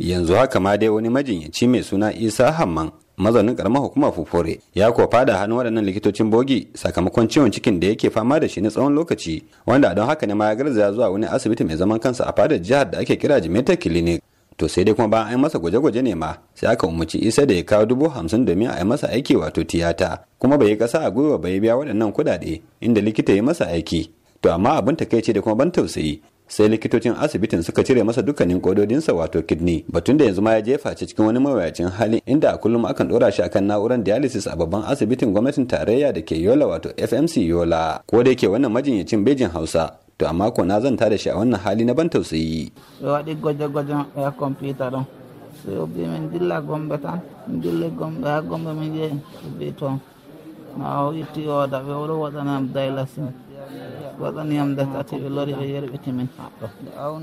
yanzu haka ma dai wani majinyaci mai suna isa hamman mazanin karamar hukumar fufore ya kuwa fada hannun waɗannan likitocin bogi sakamakon ciwon cikin da yake fama da shi na tsawon lokaci wanda don haka ne ma ya garzaya zuwa wani asibiti mai zaman kansa a fadar jihar da ake kira jimeta clinic to sai dai kuma bayan an masa gwaje-gwaje ne ma sai aka umarci isa da ya kawo dubu hamsin domin a yi masa aiki wato tiyata kuma bai yi kasa a gwiwa bai biya waɗannan kuɗaɗe inda likita ya masa aiki to amma abin takaice da kuma ban tausayi sai likitocin asibitin suka cire masa dukkanin kododinsa wato kidney batun da yanzu ma ya jefa ce cikin wani mawuyacin hali inda a kullum akan dora shi akan na'urar dialysis a babban asibitin gwamnatin tarayya da ke yola wato fmc yola ko da yake wannan majinyacin bejin hausa to amma ko na zanta da shi a wannan hali na ban tausayi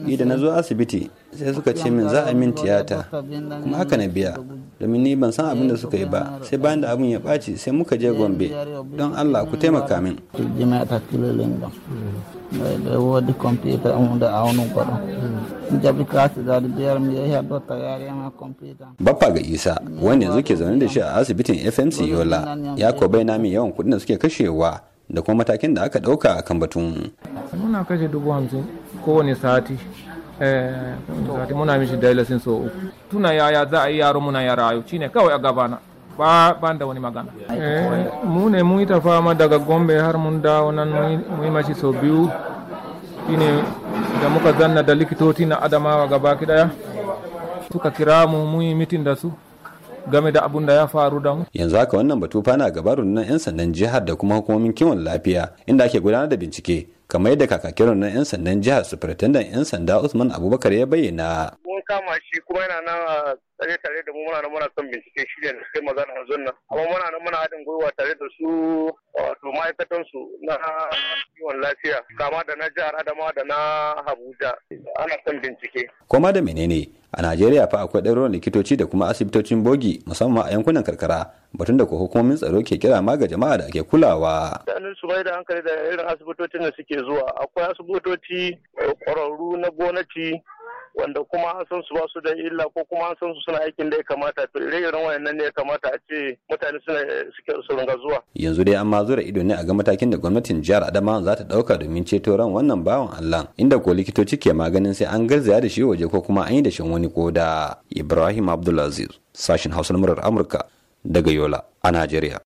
ida na zo asibiti sai suka ce min za a min tiyata kuma haka na biya domin ni ban san abin da suka yi ba sai bayan da abin ya ɓaci sai muka je gombe don Allah ku taimaka min. Baffa ga Isa wanda yanzu ke zaune da shi a asibitin FMC Yola ya kobai bai na min yawan kuɗin da suke kashewa da kuma matakin da aka ɗauka a kan batun. Muna kashe dubu hamsin kowane sati. Eh, sati muna mishi dailasin so uku. Tuna yaya za a yi yaro muna yara ayo shi ne kawai a gabana. Ba ban da wani magana. Eh, mu ne mun yi ta fama daga Gombe har mun dawo nan mun yi mashi sau biyu. Shi ne da muka zanna da likitoci na Adamawa gaba ki daya. Suka kira mu mun yi mitin da su. game da abun da ya faru da mu. Yanzu haka wannan batu fana gaba rundunar 'yan sandan jihar da kuma hukumomin kiwon lafiya inda ake gudanar da bincike kamar yadda kakakin rundunar 'yan sandan jihar superintendent 'yan sanda Usman Abubakar ya bayyana. Mun kama shi kuma yana nan tare tare da mu muna nan muna son bincike shi ne kai magana yanzu nan amma muna nan muna haɗin gwiwa tare da su wato ma'aikatan su na kiwon lafiya kama da na jihar Adamawa da na Abuja ana son bincike. Koma da menene a najeriya fa akwai ɗaurin likitoci da kuma asibitocin bogi musamman a yankunan karkara batun da ko hukumomin tsaro ke kira ma ga jama'a da ake kulawa da su bai da hankali da irin asibitocin da suke zuwa akwai asibitoci eh, ƙwararru na gwamnati wanda kuma an san su ba su da illa ko kuma an san su suna aikin da ya kamata to ire-iren wayannan ne ya kamata a ce mutane suna su ringa zuwa yanzu dai an ma zura ido ne a ga matakin da gwamnatin jihar Adama za ta dauka domin ceto ran wannan bawan Allah inda ko likitoci ke maganin sai an garzaya da shi waje ko kuma an yi da shan wani koda Ibrahim Abdulaziz sashin Hausa na Amurka daga Yola a Najeriya